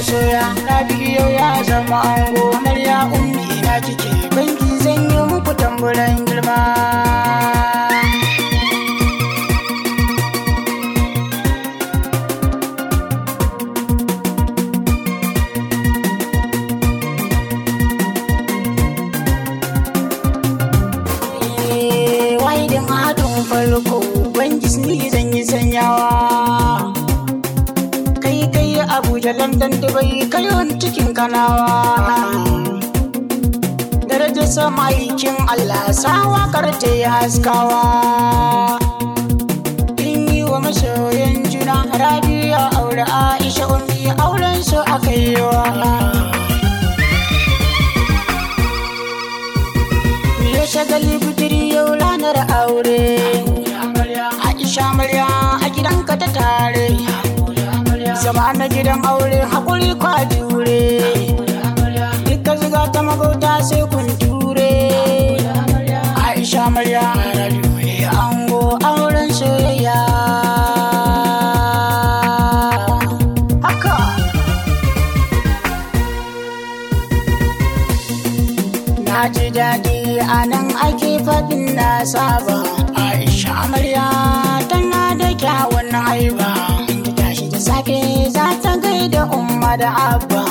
masoya na biki yau ya zama ango amarya ummi ina kike banki zan yi muku tamburan girma eh, farko ubangiji ni zan yi sanyawa Jalan bai kayon cikin kanawa. Darajar sama kin Allah sawa karce ya haskawa. In yi wa masoyan juna rabi ya aure Aisha ummi auren su aka yi wa. shagali budiri yau ranar aure. Aisha Maryam a gidanka ta tare. shugaba na gidan aure hakuri kwa jure duka ziga ta magauta sai kun ture aisha murya ango auren soyayya Na ji daɗi a nan ake faɗin na saba Aisha amarya tana da kyawun haiba da umma da abba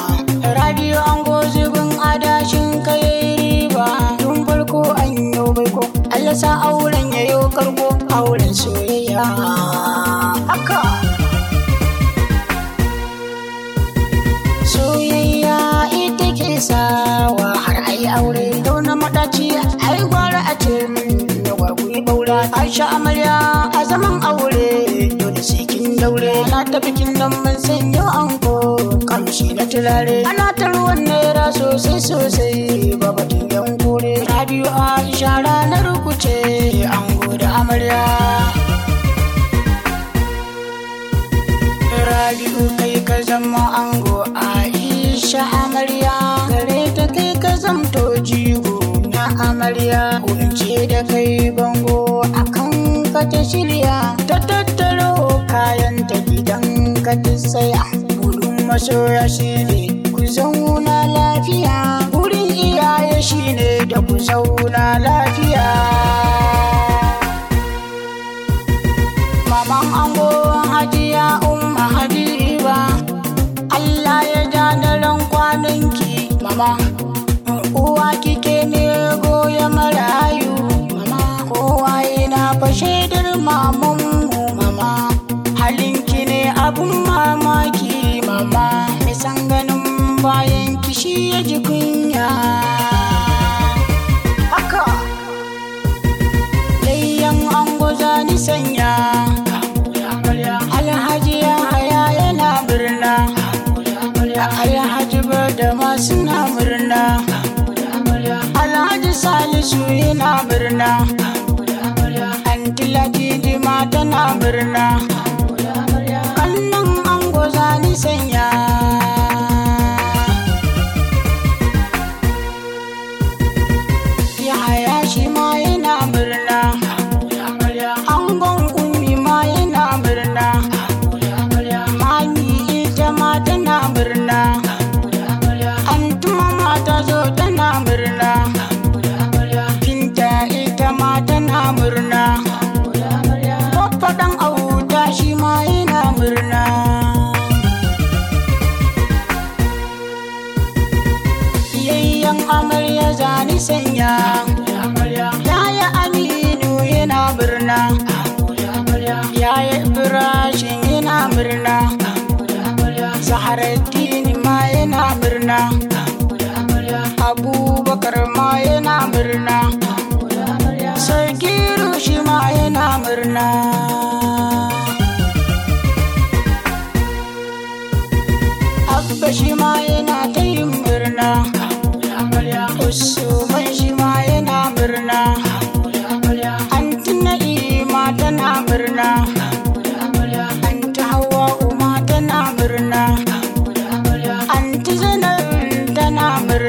radio an gozi gun adashin kai riba tun farko an yi baiko allah sa auren ya yi karko auren soyayya haka soyayya ita ke sawa har ai aure da wani madaci ai daure ana ta bikin nan mun sanyo anko kamshi na turare ana ta ruwan naira sosai sosai babatin yan kore rabiu aisha ranar kuce ango da amarya rabiu kai ka zama ango aisha amarya kare ta kai ka zamto jigo na amarya kunce da kai bango akan ka ta shiri. ka a gudun masoya shi ne ku zauna lafiya wurin iyaye shi ne da ku zauna lafiya Mama ango hajiya umma habiba Allah ya ja daren kwananki mama uwa kike ne goya marayu mama kowa yana fashe mamun sanya alhaji ya haya yana birna alhaji ba da masu na murna alhaji salisu yana birna tilaji jima tana birna an ango zani sanya kayan amarya zani sanya yaya aminu yana birna yaya ibrahim yana birna zaharaddini ma yana birna abubakar ma yana birna sarki rushi ma yana birna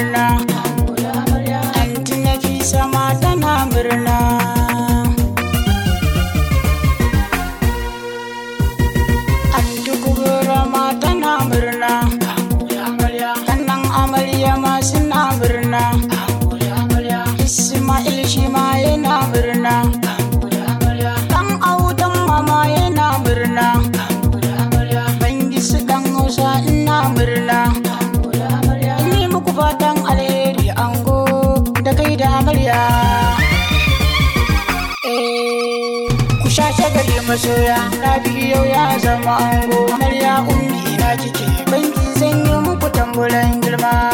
murna anti nafisa ma tana murna anti kubura ma tana murna annan amarya ma suna murna masoya rabi yau ya zama ango amarya ummi ina kike banki zan yi muku tambulan girma